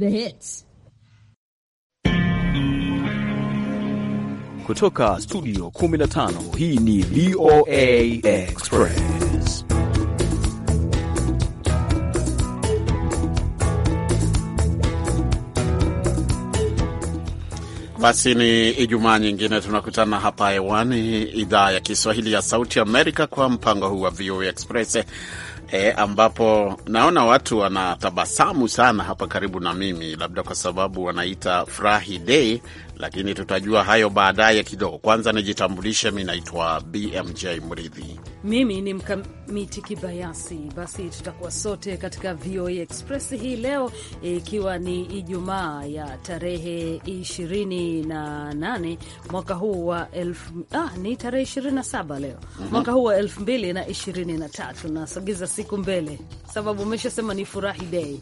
The hits. Kutoka studio 15 hii ni VOA Express. Basi ni Ijumaa nyingine tunakutana hapa hewani, idhaa ya Kiswahili ya Sauti Amerika, kwa mpango huu wa VOA Express E, ambapo naona watu wanatabasamu sana hapa karibu na mimi, labda kwa sababu wanaita Furahi Day lakini tutajua hayo baadaye kidogo. Kwanza nijitambulishe, mi naitwa BMJ Mridhi. Mimi ni Mkamiti Kibayasi. Basi tutakuwa sote katika VOA Express hii leo, ikiwa ni Ijumaa ya tarehe 28 mwaka huu wa elf... ah, ni tarehe 27 leo mhm. mwaka huu wa 2023 nasogeza siku mbele sababu umeshasema ni furahi dei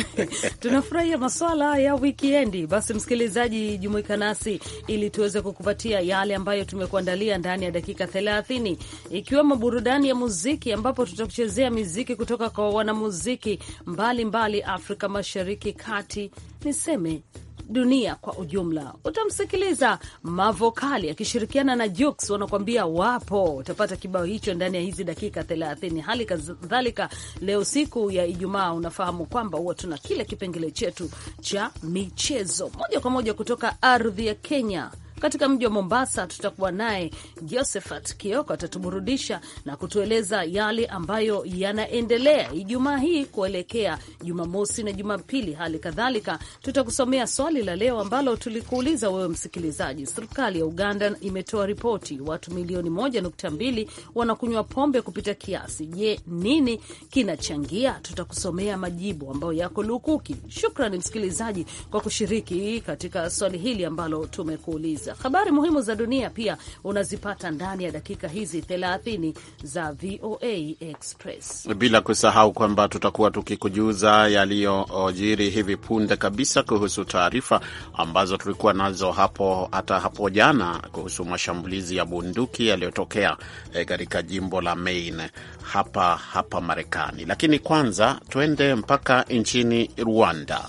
tunafurahia maswala ya wikiendi. Basi msikilizaji, jumuika nasi ili tuweze kukupatia yale ambayo tumekuandalia ndani ya dakika thelathini, ikiwemo burudani ya muziki, ambapo tutakuchezea miziki kutoka kwa wanamuziki mbalimbali Afrika Mashariki, kati niseme dunia kwa ujumla. Utamsikiliza Mavokali akishirikiana na Jux wanakuambia wapo. Utapata kibao hicho ndani ya hizi dakika 30. Hali kadhalika leo siku ya Ijumaa, unafahamu kwamba huwa tuna kile kipengele chetu cha michezo moja kwa moja kutoka ardhi ya Kenya. Katika mji wa Mombasa tutakuwa naye Josephat Kioko, atatuburudisha na kutueleza yale ambayo yanaendelea Ijumaa hii kuelekea Jumamosi na Jumapili. Hali kadhalika tutakusomea swali la leo ambalo tulikuuliza wewe msikilizaji. Serikali ya Uganda imetoa ripoti, watu milioni 1.2 wanakunywa pombe kupita kiasi. Je, nini kinachangia? Tutakusomea majibu ambayo yako lukuki. Shukrani msikilizaji kwa kushiriki katika swali hili ambalo tumekuuliza. Habari muhimu za dunia pia unazipata ndani ya dakika hizi 30 za VOA Express, bila kusahau kwamba tutakuwa tukikujuza yaliyojiri hivi punde kabisa kuhusu taarifa ambazo tulikuwa nazo hapo hata hapo jana kuhusu mashambulizi ya bunduki yaliyotokea e, katika jimbo la Maine hapa hapa Marekani. Lakini kwanza tuende mpaka nchini Rwanda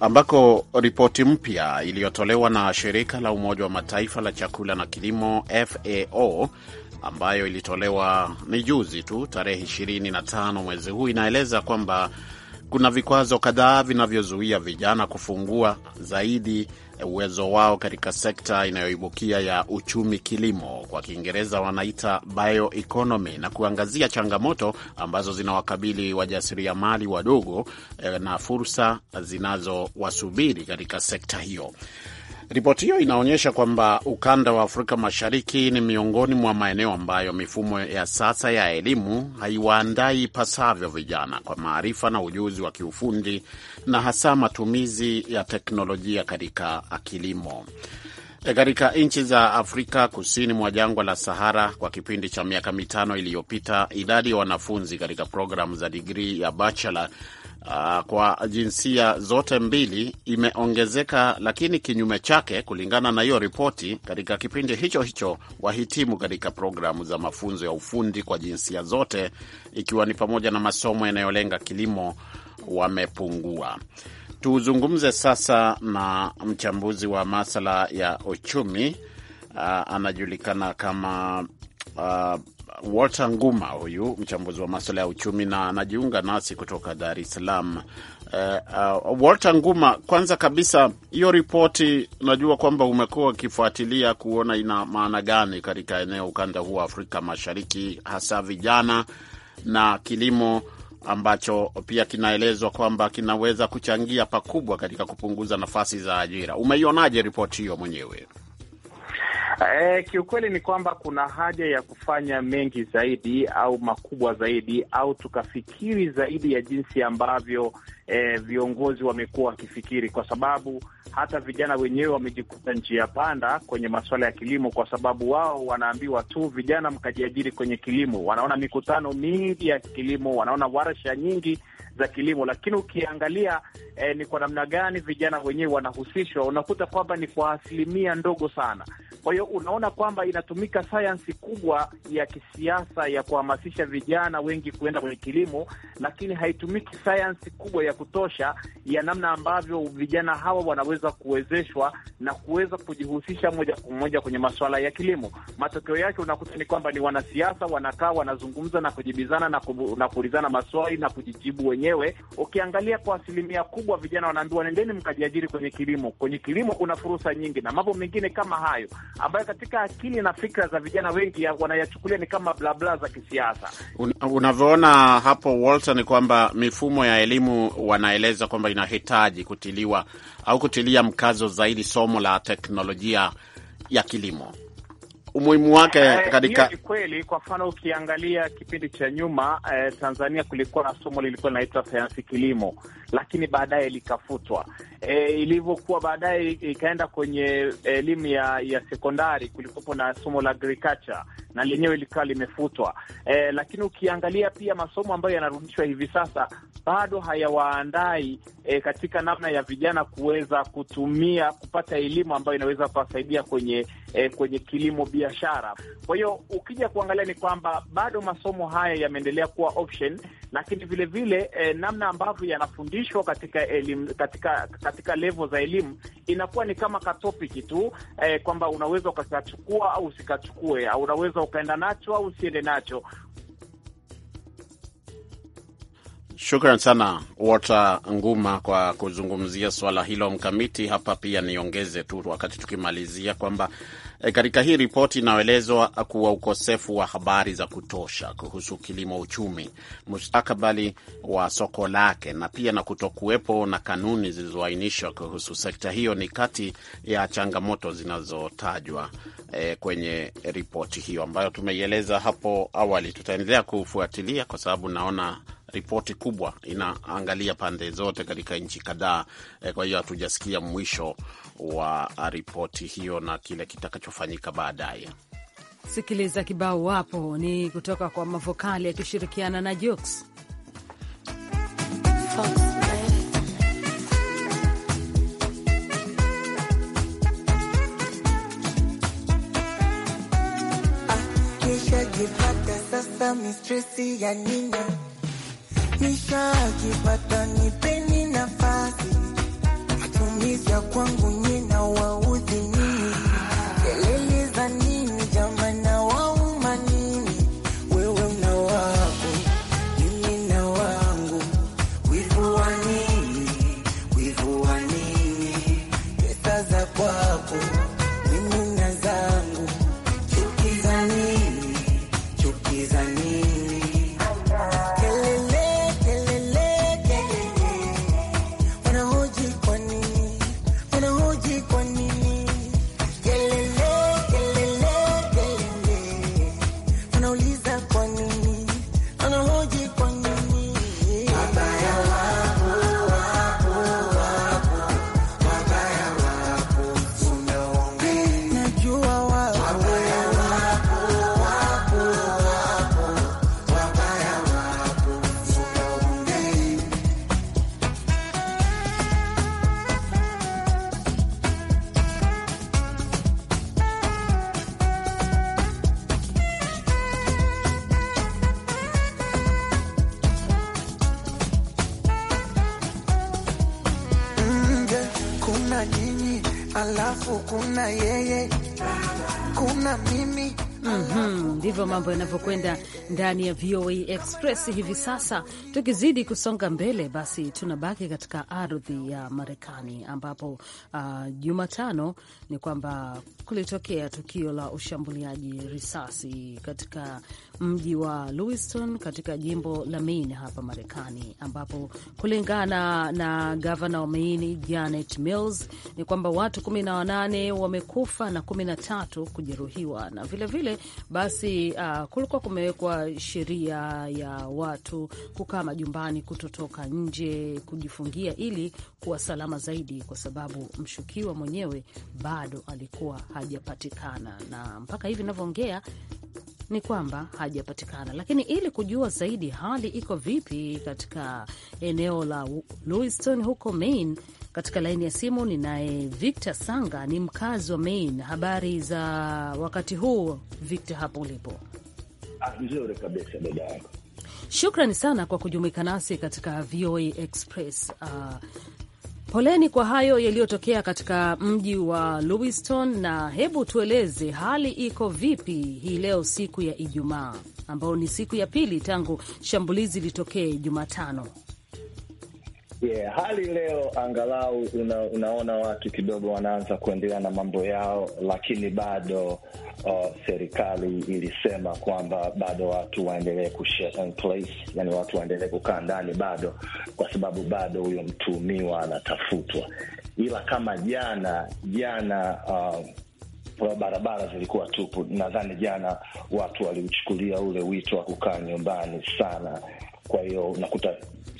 ambako ripoti mpya iliyotolewa na shirika la Umoja wa Mataifa la chakula na kilimo FAO ambayo ilitolewa ni juzi tu tarehe 25 mwezi huu inaeleza kwamba kuna vikwazo kadhaa vinavyozuia vijana kufungua zaidi uwezo wao katika sekta inayoibukia ya uchumi kilimo, kwa Kiingereza wanaita bioeconomy, na kuangazia changamoto ambazo zinawakabili wajasiriamali wadogo eh, na fursa zinazowasubiri katika sekta hiyo. Ripoti hiyo inaonyesha kwamba ukanda wa Afrika Mashariki ni miongoni mwa maeneo ambayo mifumo ya sasa ya elimu haiwaandai ipasavyo vijana kwa maarifa na ujuzi wa kiufundi na hasa matumizi ya teknolojia katika kilimo. E, katika nchi za Afrika kusini mwa jangwa la Sahara, kwa kipindi cha miaka mitano iliyopita, idadi ya wanafunzi katika programu za digrii ya bachelor uh, kwa jinsia zote mbili imeongezeka, lakini kinyume chake, kulingana na hiyo ripoti, katika kipindi hicho hicho wahitimu katika programu za mafunzo ya ufundi kwa jinsia zote, ikiwa ni pamoja na masomo yanayolenga kilimo, wamepungua. Tuzungumze sasa na mchambuzi wa masala ya uchumi uh, anajulikana kama uh, Walter Nguma, huyu mchambuzi wa maswala ya uchumi, na anajiunga nasi kutoka Dar es Salaam. Uh, uh, Walter Nguma, kwanza kabisa hiyo ripoti unajua kwamba umekuwa ukifuatilia kuona ina maana gani katika eneo ukanda huu wa Afrika Mashariki, hasa vijana na kilimo ambacho pia kinaelezwa kwamba kinaweza kuchangia pakubwa katika kupunguza nafasi za ajira. Umeionaje ripoti hiyo mwenyewe? E, kiukweli ni kwamba kuna haja ya kufanya mengi zaidi au makubwa zaidi au tukafikiri zaidi ya jinsi ambavyo e, viongozi wamekuwa wakifikiri, kwa sababu hata vijana wenyewe wamejikuta njia panda kwenye masuala ya kilimo, kwa sababu wao wanaambiwa tu vijana mkajiajiri kwenye kilimo. Wanaona mikutano mingi ya kilimo, wanaona warsha nyingi za kilimo, lakini ukiangalia e, ni kwa namna gani vijana wenyewe wanahusishwa, unakuta kwamba ni kwa asilimia ndogo sana. Kwa hiyo unaona kwamba inatumika sayansi kubwa ya kisiasa ya kuhamasisha vijana wengi kuenda kwenye kilimo, lakini haitumiki sayansi kubwa ya kutosha ya namna ambavyo vijana hawa wanaweza kuwezeshwa na kuweza kujihusisha moja kwa moja kwenye masuala ya kilimo. Matokeo yake unakuta ni kwamba ni wanasiasa wanakaa, wanazungumza na kujibizana na, kubu, na kuulizana maswali na kujijibu wenyewe. Ukiangalia kwa asilimia kubwa vijana wanaambiwa nendeni mkajiajiri kwenye kilimo. Kwenye kilimo kuna fursa nyingi na mambo mengine kama hayo ambayo katika akili na fikra za vijana wengi wanayachukulia ni kama blabla za kisiasa. Un, unavyoona hapo Walter, ni kwamba mifumo ya elimu wanaeleza kwamba inahitaji kutiliwa au kutilia mkazo zaidi somo la teknolojia ya kilimo umuhimu wake eh, eh, katika ni kweli. Kwa mfano ukiangalia kipindi cha nyuma eh, Tanzania kulikuwa na somo lilikuwa linaitwa sayansi kilimo lakini baadaye likafutwa. E, ilivyokuwa baadaye ikaenda kwenye elimu ya, ya sekondari, kulikuwepo na somo la agriculture na lenyewe likawa limefutwa. E, lakini ukiangalia pia masomo ambayo yanarudishwa hivi sasa bado hayawaandai e, katika namna ya vijana kuweza kutumia kupata elimu ambayo inaweza kuwasaidia kwenye e, kwenye kilimo biashara. Kwa hiyo ukija kuangalia ni kwamba bado masomo haya yameendelea kuwa option, lakini vilevile vile, e, namna ambavyo yanafundishwa kufundishwa katika elimu, katika katika levo za elimu inakuwa ni kama katopiki tu eh, kwamba unaweza ukakachukua au usikachukue, au unaweza ukaenda nacho au usiende nacho Shukran sana Walter Nguma kwa kuzungumzia swala hilo mkamiti. Hapa pia niongeze tu wakati tukimalizia kwamba e, katika hii ripoti inaelezwa kuwa ukosefu wa habari za kutosha kuhusu kilimo uchumi, mustakabali wa soko lake, na pia na kutokuwepo na kanuni zilizoainishwa kuhusu sekta hiyo ni kati ya changamoto zinazotajwa e, kwenye ripoti hiyo ambayo tumeieleza hapo awali. Tutaendelea kufuatilia kwa sababu naona ripoti kubwa inaangalia pande zote katika nchi kadhaa. Eh, kwa hiyo hatujasikia mwisho wa ripoti hiyo na kile kitakachofanyika baadaye. Sikiliza kibao hapo, ni kutoka kwa Mavokali akishirikiana na Jux. jipata sasa mistresi ya nina nikakipata, nipeni nafasi matumizi ya kwangu nyina wa alafu kuna yeye, kuna mimi mhm, ndivyo mm -hmm, mambo yanavyokwenda ndani ya VOA Express hivi sasa. Tukizidi kusonga mbele, basi tunabaki katika ardhi ya Marekani ambapo ah, Jumatano uh, ni kwamba kulitokea tukio la ushambuliaji risasi katika mji wa Lewiston katika jimbo la Maine hapa Marekani, ambapo kulingana na gavana wa Maine Janet Mills ni kwamba watu 18 wamekufa na 13 kujeruhiwa, na vilevile vile, basi uh, kulikuwa kumewekwa sheria ya watu kukaa majumbani, kutotoka nje, kujifungia ili kuwa salama zaidi, kwa sababu mshukiwa mwenyewe bado alikuwa hajapatikana, na mpaka hivi navyoongea ni kwamba hajapatikana, lakini ili kujua zaidi hali iko vipi katika eneo la Lewiston huko Maine, katika laini ya simu ninaye Victor Sanga, ni mkazi wa Maine. Habari za wakati huu Victor, hapo ulipo? Ah, nzuri kabisa dada yangu, Shukrani sana kwa kujumuika nasi katika VOA Express. Uh, Poleni kwa hayo yaliyotokea katika mji wa Lewiston, na hebu tueleze hali iko vipi hii leo, siku ya Ijumaa ambayo ni siku ya pili tangu shambulizi litokee Jumatano. Yeah, hali leo angalau una, unaona watu kidogo wanaanza kuendelea na mambo yao, lakini bado uh, serikali ilisema kwamba bado watu waendelee ku place, yani watu waendelee kukaa ndani bado, kwa sababu bado huyo mtuhumiwa anatafutwa, ila kama jana jana uh, barabara zilikuwa tupu. Nadhani jana watu waliuchukulia ule wito wa kukaa nyumbani sana, kwa hiyo unakuta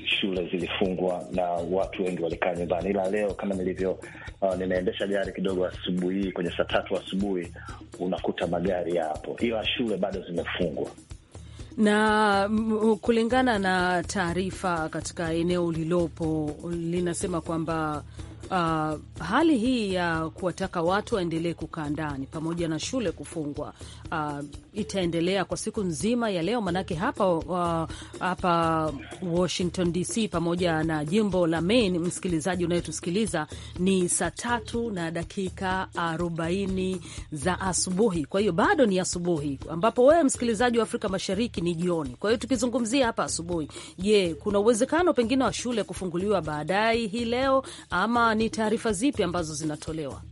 shule zilifungwa na watu wengi walikaa nyumbani, ila leo kama nilivyo, uh, nimeendesha gari kidogo asubuhi hii kwenye saa tatu asubuhi, unakuta magari yapo, ila shule bado zimefungwa na kulingana na taarifa katika eneo lilopo linasema kwamba uh, hali hii ya uh, kuwataka watu waendelee kukaa ndani pamoja na shule kufungwa uh, itaendelea kwa siku nzima ya leo, manake hapa uh, hapa Washington DC pamoja na jimbo la Maine, msikilizaji unayetusikiliza, ni saa tatu na dakika arobaini za asubuhi. Kwa hiyo bado ni asubuhi, ambapo wewe msikilizaji wa Afrika Mashariki ni jioni. Kwa hiyo tukizungumzia hapa asubuhi, je, kuna uwezekano pengine wa shule kufunguliwa baadaye hii leo ama ni taarifa zipi ambazo zinatolewa?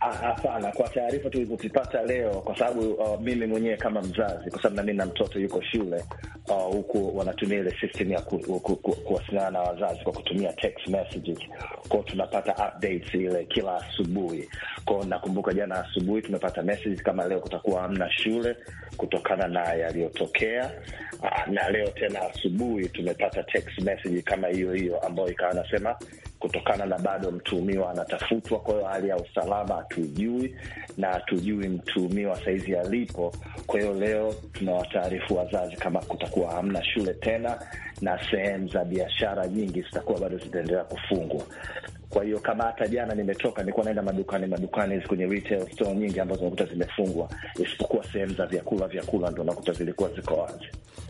Ah, hapana, kwa taarifa tulizozipata leo, kwa sababu uh, mimi mwenyewe kama mzazi, kwa sababu nami na mtoto yuko shule uh, huku, uh, wanatumia ile system ya kuwasiliana ku, ku, ku, na wazazi kwa kutumia text messages kwao, tunapata updates ile kila asubuhi kwao. Nakumbuka jana asubuhi tumepata kama leo kutakuwa hamna shule kutokana na yaliyotokea, uh, na leo tena asubuhi tumepata text message kama hiyo hiyo ambayo ikawa nasema kutokana na bado mtuhumiwa anatafutwa. Kwa hiyo hali ya usalama hatujui na hatujui mtuhumiwa sahizi alipo. Kwa hiyo leo tunawataarifu wazazi kama kutakuwa hamna shule tena na sehemu za biashara nyingi zitakuwa bado zitaendelea kufungwa. Kwa hiyo kama hata jana nimetoka, nilikuwa naenda madukani madukani, kwenye retail store nyingi ambazo nakuta zimefungwa, isipokuwa sehemu za vyakula vyakula ndo nakuta zilikuwa ziko wazi.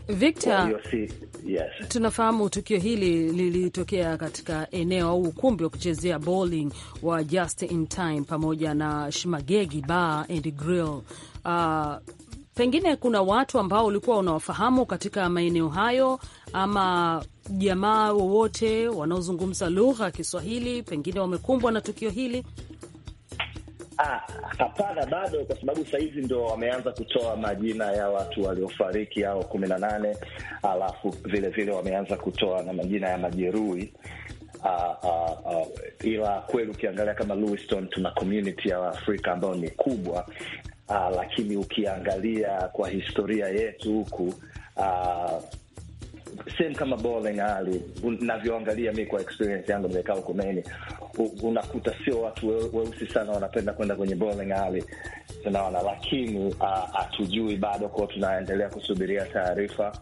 Victor, si, yes. Tunafahamu tukio hili lilitokea katika eneo au ukumbi wa kuchezea bowling wa Just in Time pamoja na Shmagegi Bar and Grill. Uh, pengine kuna watu ambao ulikuwa unawafahamu katika maeneo hayo ama jamaa wowote wanaozungumza lugha ya Kiswahili, pengine wamekumbwa na tukio hili? Ah, hapana bado, kwa sababu sahizi ndo wameanza kutoa majina ya watu waliofariki hao kumi na nane, alafu vilevile wameanza kutoa na majina ya majeruhi. Uh, uh, uh, ila kweli ukiangalia kama Lewiston tuna community ya Waafrika ambao ni kubwa uh, lakini ukiangalia kwa historia yetu huku uh, ah, sehemu kama bowling alley, navyoangalia mi kwa experience yangu nimekaa huku Maine, unakuta sio watu weusi we sana wanapenda kwenda kwenye bowling alley, tunaona lakini uh, hatujui uh, bado kuwa tunaendelea kusubiria taarifa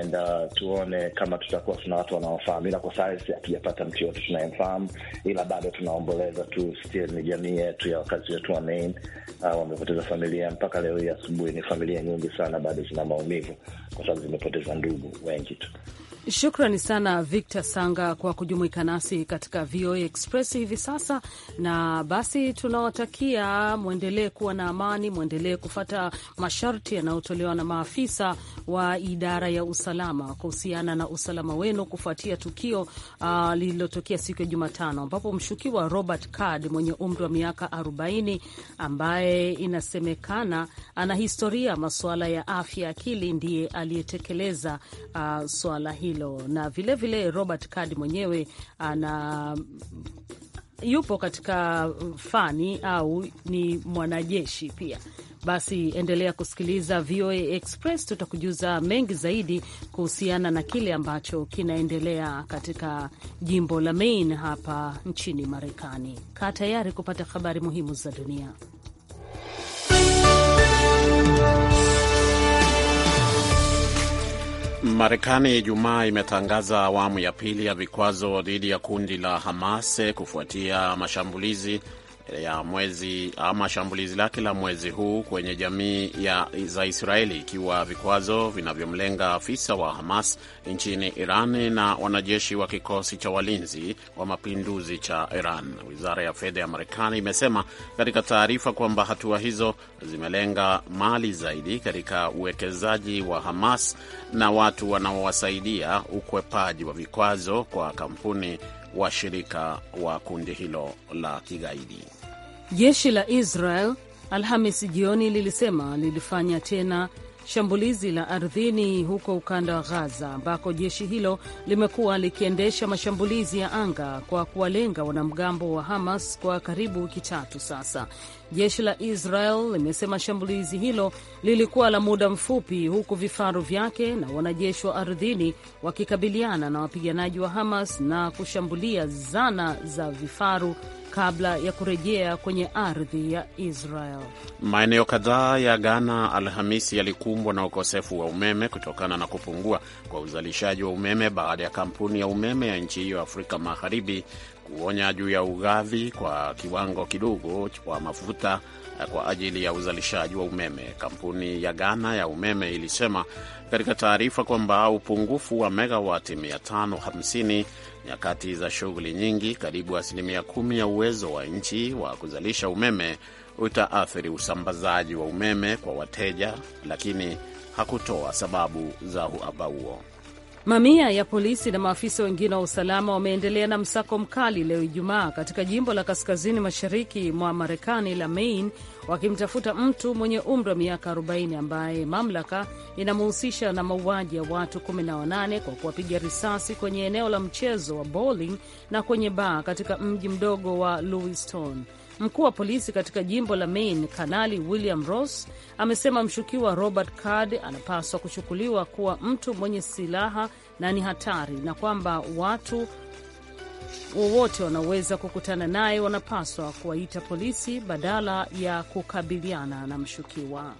and uh, tuone kama tutakuwa tuna watu wanaofahamu, ila kwa sahizi hatujapata mtu yote tunayemfahamu, ila bado tunaomboleza tu, still ni jamii yetu ya wakazi wetu wa main uh, wamepoteza familia. Mpaka leo hii asubuhi ni familia nyingi sana bado zina maumivu kwa sababu zimepoteza ndugu wengi tu. Shukrani sana Victor Sanga kwa kujumuika nasi katika VOA Express hivi sasa. Na basi tunawatakia mwendelee kuwa na amani, mwendelee kufata masharti yanayotolewa na maafisa wa idara ya usalama kuhusiana na usalama wenu kufuatia tukio uh, lililotokea siku ya Jumatano ambapo mshukiwa Robert Card mwenye umri wa miaka 40 ambaye inasemekana ana historia masuala ya afya akili ndiye aliyetekeleza uh, swala hili hilo, na vilevile vile Robert Kadi mwenyewe ana yupo katika fani au ni mwanajeshi pia. Basi endelea kusikiliza VOA Express, tutakujuza mengi zaidi kuhusiana na kile ambacho kinaendelea katika jimbo la Maine hapa nchini Marekani. Kaa tayari kupata habari muhimu za dunia. Marekani Ijumaa imetangaza awamu ya pili ya vikwazo dhidi ya kundi la Hamas kufuatia mashambulizi ya mwezi ama shambulizi lake la mwezi huu kwenye jamii ya za Israeli, ikiwa vikwazo vinavyomlenga afisa wa Hamas nchini Iran na wanajeshi wa kikosi cha walinzi wa mapinduzi cha Iran. Wizara ya fedha ya Marekani imesema katika taarifa kwamba hatua hizo zimelenga mali zaidi katika uwekezaji wa Hamas na watu wanaowasaidia ukwepaji wa vikwazo kwa kampuni washirika wa kundi hilo la kigaidi. Jeshi la Israel Alhamis jioni lilisema lilifanya tena shambulizi la ardhini huko ukanda wa Ghaza ambako jeshi hilo limekuwa likiendesha mashambulizi ya anga kwa kuwalenga wanamgambo wa Hamas kwa karibu wiki tatu sasa. Jeshi la Israel limesema shambulizi hilo lilikuwa la muda mfupi, huku vifaru vyake na wanajeshi wa ardhini wakikabiliana na wapiganaji wa Hamas na kushambulia zana za vifaru kabla ya kurejea kwenye ardhi ya Israel. Maeneo kadhaa ya Ghana Alhamisi yalikumbwa na ukosefu wa umeme kutokana na kupungua kwa uzalishaji wa umeme baada ya kampuni ya umeme ya nchi hiyo Afrika Magharibi kuonya juu ya ugavi kwa kiwango kidogo wa mafuta eh, kwa ajili ya uzalishaji wa umeme. Kampuni ya Ghana ya umeme ilisema katika taarifa kwamba upungufu wa megawati 550 nyakati za shughuli nyingi, karibu asilimia kumi ya uwezo wa nchi wa kuzalisha umeme utaathiri usambazaji wa umeme kwa wateja, lakini hakutoa sababu za uhaba huo. Mamia ya polisi na maafisa wengine wa usalama wameendelea na msako mkali leo Ijumaa katika jimbo la kaskazini mashariki mwa Marekani la Maine wakimtafuta mtu mwenye umri wa miaka 40 ambaye mamlaka inamhusisha na mauaji ya watu 18 kwa kuwapiga risasi kwenye eneo la mchezo wa bowling na kwenye baa katika mji mdogo wa Lewiston. Mkuu wa polisi katika jimbo la Maine, Kanali William Ross, amesema mshukiwa Robert Card anapaswa kuchukuliwa kuwa mtu mwenye silaha na ni hatari na kwamba watu wowote wanaweza kukutana naye wanapaswa kuwaita polisi badala ya kukabiliana na mshukiwa.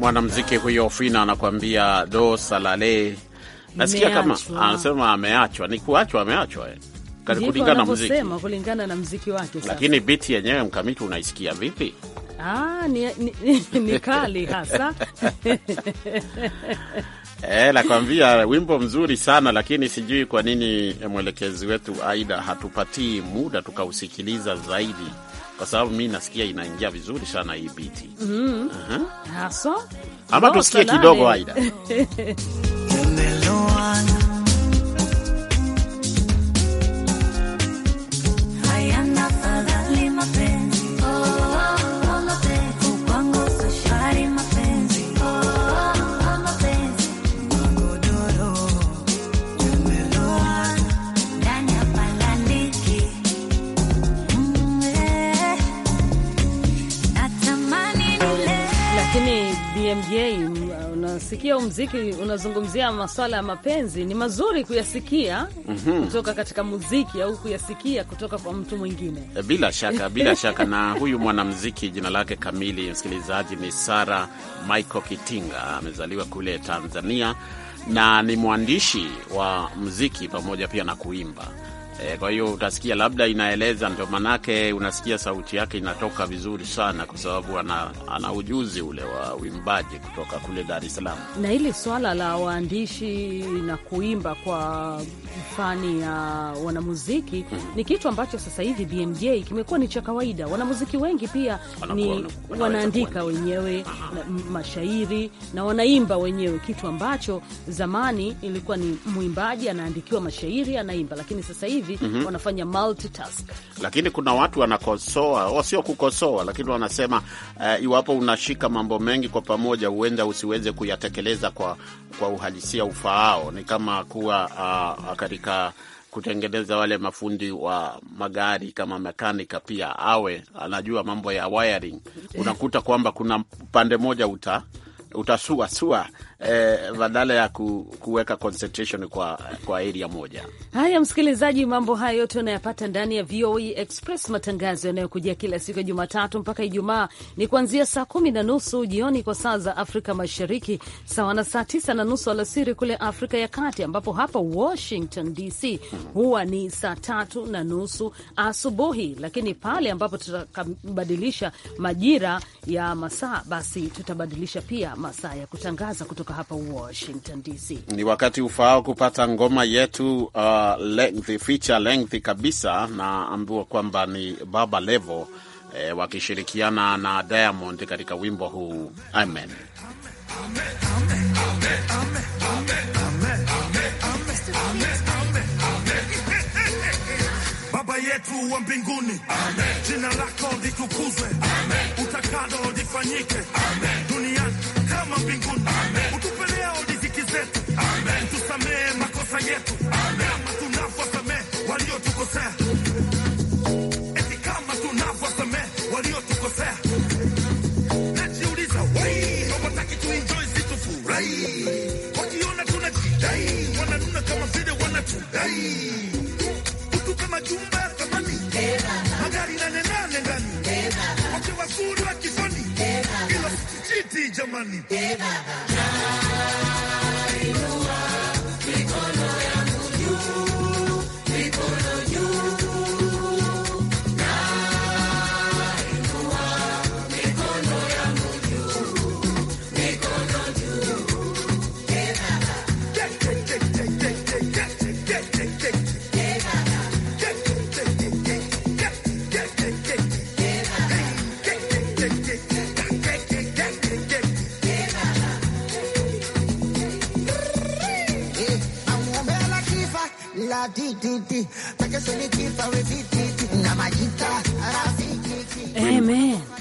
mwanamziki huyo Fina anakuambia do salale. Nasikia kama anasema ameachwa, ni kuachwa, ameachwa eh. kulingana kulingana na mziki wake. Lakini biti yenyewe mkamiti, unaisikia vipi? Ah, ni, ni, ni kali hasa E, nakwambia wimbo mzuri sana lakini sijui kwa nini mwelekezi wetu Aida hatupatii muda tukausikiliza zaidi kwa sababu mi nasikia inaingia vizuri sana hii biti mm. uh -huh. ama tusikie kidogo aida BMJ, unasikia muziki unazungumzia maswala ya mapenzi, ni mazuri kuyasikia mm -hmm. kutoka katika muziki au kuyasikia kutoka kwa mtu mwingine, eh, bila shaka bila shaka. Na huyu mwanamuziki jina lake kamili, msikilizaji, ni Sara Michael Kitinga, amezaliwa kule Tanzania na ni mwandishi wa muziki pamoja pia na kuimba E, kwa hiyo utasikia labda inaeleza, ndio manake unasikia sauti yake inatoka vizuri sana, kwa sababu ana, ana ujuzi ule wa uimbaji kutoka kule Dar es Salaam, na hili swala la waandishi na kuimba kwa fani ya wanamuziki mm -hmm. ni kitu ambacho sasa hivi BMJ kimekuwa ni cha kawaida. Wanamuziki wengi pia wanakuwa, ni wanaandika wenyewe na mashairi na wanaimba wenyewe, kitu ambacho zamani ilikuwa ni mwimbaji anaandikiwa mashairi anaimba, lakini sasa hivi hivi mm -hmm. wanafanya multitask. Lakini kuna watu wanakosoa, wasio kukosoa, lakini wanasema uh, iwapo unashika mambo mengi kwa pamoja, huenda usiweze kuyatekeleza kwa, kwa uhalisia ufaao. Ni kama kuwa uh, katika kutengeneza wale mafundi wa magari kama mekanika pia awe anajua mambo ya wiring. Unakuta kwamba kuna pande moja uta utasuasua eh, badala ya ku, kuweka concentration kwa, kwa area moja. Haya msikilizaji, mambo haya yote unayapata ndani ya VOA e Express, matangazo yanayokujia kila siku ya Jumatatu mpaka Ijumaa ni kuanzia saa kumi na nusu jioni kwa saa za Afrika Mashariki, sawa na saa tisa na nusu alasiri kule Afrika ya Kati, ambapo hapa Washington DC huwa ni saa tatu na nusu asubuhi, lakini pale ambapo tutabadilisha majira ya masaa, basi tutabadilisha pia masaa ya kutangaza kutoka hapa Washington DC. Ni wakati ufaao kupata ngoma yetu uh, length, feature length kabisa, na ambua kwamba ni Baba Levo eh, wakishirikiana na Diamond katika wimbo huu Amen, Amen, yetu wa mbinguni, jina lako litukuzwe, utakalo lifanyike duniani rehema mbinguni, utupe leo riziki zetu, utusamehe makosa yetu kama tunavyosamehe waliotukosea, eti kama tunavyosamehe waliotukosea. Najiuliza wai hawataki tuenjoy situfurahi, wakiona tunajidai wananuna kama vile wanatudai, utupe majumba ya thamani, magari nane nane ndani, wakiwazuri la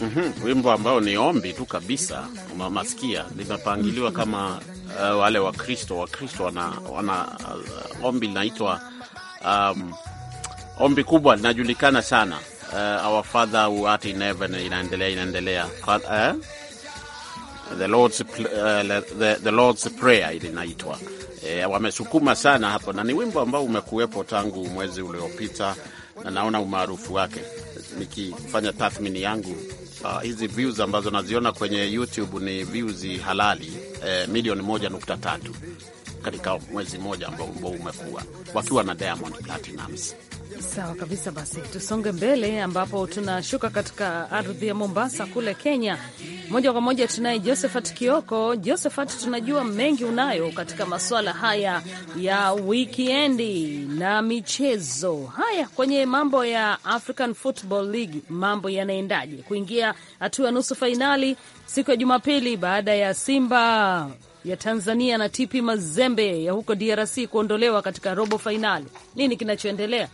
Mhm, wimbo ambao ni ombi tu kabisa, unamasikia limepangiliwa kama uh, wale Wakristo Wakristo wana, wana uh, ombi linaitwa um, ombi kubwa linajulikana sana uh, our father who art in heaven, inaendelea inaendelea uh, the Lord's, uh, the, the Lord's prayer inaitwa e, wamesukuma sana hapo, na ni wimbo ambao umekuwepo tangu mwezi uliopita na naona umaarufu wake. Nikifanya tathmini yangu uh, hizi views ambazo naziona kwenye YouTube ni views halali eh, milioni moja nukta tatu katika mwezi mmoja ambao umekuwa wakiwa na Diamond Platinums. Sawa kabisa, basi tusonge mbele, ambapo tunashuka katika ardhi ya Mombasa kule Kenya. Moja kwa moja tunaye Josephat Kioko. Josephat, tunajua mengi unayo katika masuala haya ya wikiendi na michezo. Haya, kwenye mambo ya African Football League mambo yanaendaje kuingia hatua ya nusu fainali siku ya Jumapili baada ya Simba ya Tanzania na TP Mazembe ya huko DRC kuondolewa katika robo fainali. Nini kinachoendelea?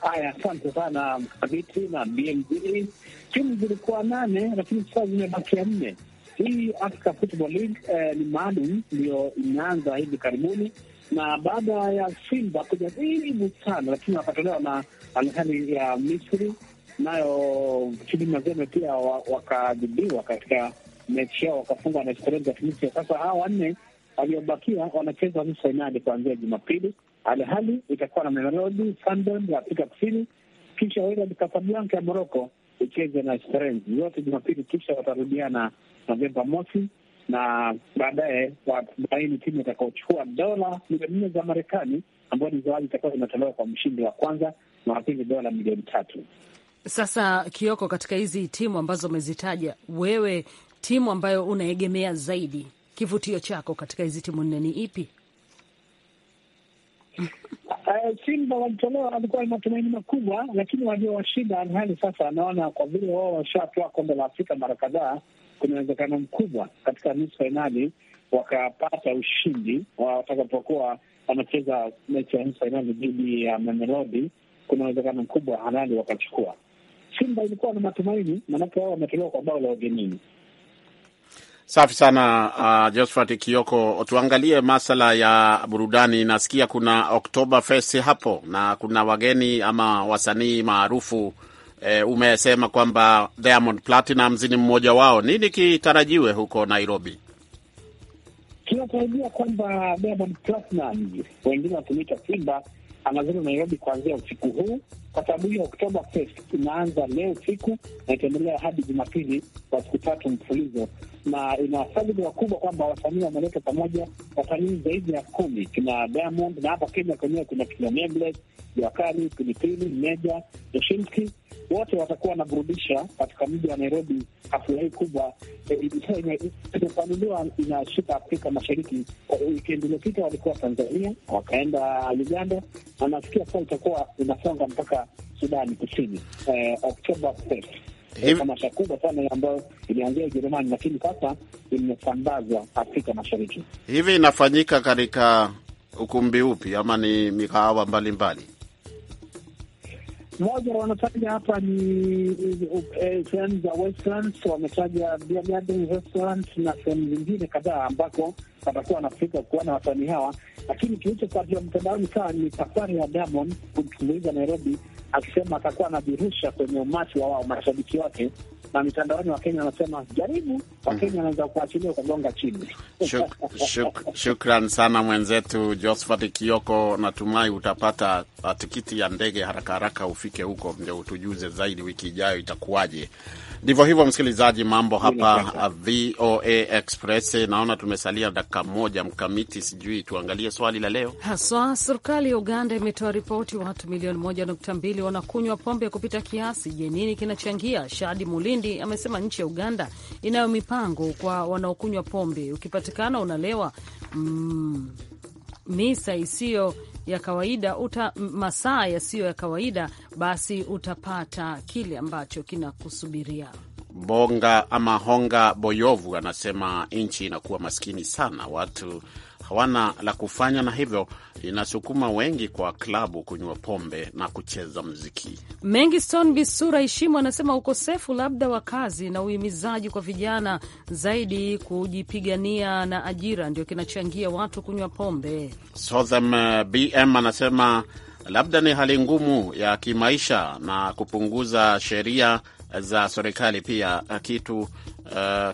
Haya, asante sana Mkamiti na BMG. Timu zilikuwa nane, lakini sasa zimebakia nne. Hii Africa Football League eh, ni maalum, ndiyo imeanza hivi karibuni na baada ya Simba kujaribu sana, lakini wakatolewa na Alhali ya Misri, nayo Chidi Mazembe pia wakajibiwa katika mechi yao, wakafungwa na Esperance ya Tunisia. Sasa hawa wanne waliobakia wanacheza nusu fainali kuanzia Jumapili. Alhali itakuwa na Mamelodi Sundowns ya Afrika Kusini, kisha Wydad Casablanca ya Moroko icheze na Esperance zote Jumapili, kisha watarudiana Novemba mosi na baadaye wabaini timu itakaochukua dola milioni nne za Marekani, ambayo ni zawadi itakuwa inatolewa kwa mshindi wa kwanza na wapili dola milioni tatu. Sasa Kioko, katika hizi timu ambazo umezitaja wewe, timu ambayo unaegemea zaidi, kivutio chako katika hizi timu nne ni ipi? Uh, Simba walitolewa, alikuwa na matumaini makubwa, lakini waliowashinda hali sasa, anaona kwa vile wao washatoa kombe la Afrika mara kadhaa, kuna uwezekano mkubwa katika nusu fainali wakapata ushindi watakapokuwa wanacheza mechi ya nusu fainali dhidi ya Mamelodi. Kuna uwezekano mkubwa halali wakachukua. Simba ilikuwa na matumaini, maanake wao wametolewa kwa bao la ugenini, Safi sana uh, Josphat Kioko, tuangalie masala ya burudani. Nasikia kuna Oktoba Fest hapo na kuna wageni ama wasanii maarufu e, umesema kwamba Diamond Platinumz ni mmoja wao. Nini kitarajiwe huko Nairobi? Tunatarajia kwamba Diamond Platinumz, wengine wakimwita Simba, anazuru Nairobi kuanzia usiku huu kwa sababu hiyo Oktoba Fest inaanza leo usiku na itaendelea hadi Jumapili kwa siku tatu mfulizo na ina wasabibu wakubwa kwamba wasanii wameleta pamoja wasanii zaidi ya kumi. Kuna Diamond na hapa Kenya kwenyewe kuna kina Nameless, Juakali, Pilipili, Meja, Yoshinski wote watakuwa wanaburudisha katika mji wa Nairobi. Hafla hii kubwa e, imepanuliwa inashika Afrika Mashariki. Wikendi iliyopita walikuwa Tanzania, wakaenda Uganda, na nafikia sasa itakuwa inasonga mpaka Sudani Kusini e, Oktoba tamasha kubwa sana ambayo ilianzia Ujerumani, lakini sasa imesambazwa Afrika Mashariki. Hivi inafanyika katika ukumbi upi ama ni mikahawa mbalimbali? Mmoja wanataja hapa ni eh, sehemu za Westlands, wametaja Restaurant na sehemu zingine kadhaa ambako watakuwa wanafika kuona wasanii hawa, lakini kilichotajwa mtandaoni sana ni safari ya Diamond kutumbuiza Nairobi akisema atakuwa na kwenye umati wa wao mashabiki wake na mitandaoni Wakenya wanasema jaribu, mm-hmm. Kenya wanaweza kuachilia ukagonga chini. Shukran sana mwenzetu Josphat Kioko, natumai utapata uh, tikiti ya ndege haraka haraka ufike huko, ndio utujuze zaidi wiki ijayo itakuwaje. Ndivyo hivyo, msikilizaji, mambo hapa uh, VOA Express. Naona tumesalia dakika moja, Mkamiti, sijui tuangalie swali la leo haswa. Serikali ya Uganda imetoa ripoti watu milioni 12 wanakunywa pombe kupita kiasi. Je, nini kinachangia? Shadi Mulindi Mudavadi amesema nchi ya Uganda inayo mipango kwa wanaokunywa pombe, ukipatikana unalewa mm, misa isiyo ya kawaida uta masaa yasiyo ya kawaida, basi utapata kile ambacho kinakusubiria. Bonga ama Honga Boyovu anasema nchi inakuwa maskini sana, watu hawana la kufanya, na hivyo inasukuma wengi kwa klabu kunywa pombe na kucheza mziki Mengiston Bisura Ishimu anasema ukosefu labda wa kazi na uhimizaji kwa vijana zaidi kujipigania na ajira ndio kinachangia watu kunywa pombe. Sothem uh, BM anasema labda ni hali ngumu ya kimaisha na kupunguza sheria za serikali pia uh, kitu, uh,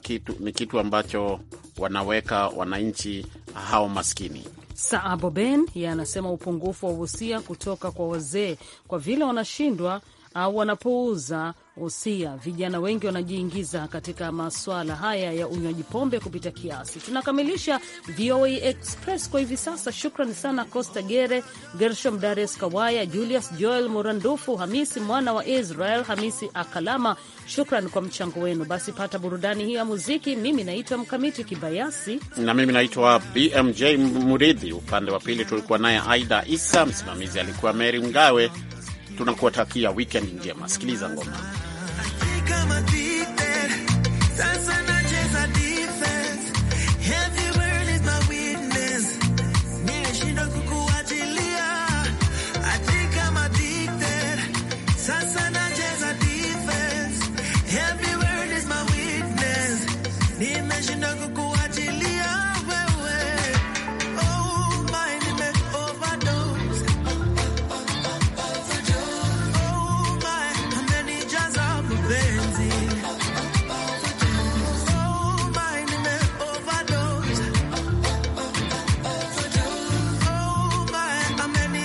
kitu ni kitu ambacho wanaweka wananchi hao maskini. Saabo yeye anasema upungufu wa uhusia kutoka kwa wazee kwa vile wanashindwa au ah, wanapouza usia, vijana wengi wanajiingiza katika maswala haya ya unywaji pombe kupita kiasi. Tunakamilisha VOA Express kwa hivi sasa. Shukrani sana Costa Gere, Gershom Dares Kawaya, Julius Joel Murandufu, Hamisi mwana wa Israel, Hamisi Akalama, shukran kwa mchango wenu. Basi pata burudani hiyo ya muziki. Mimi naitwa Mkamiti Kibayasi na mimi naitwa BMJ Muridhi. Upande wa pili tulikuwa naye Aida Isa, msimamizi alikuwa Meri Mgawe tunakuwatakia wikendi njema. Sikiliza ngoma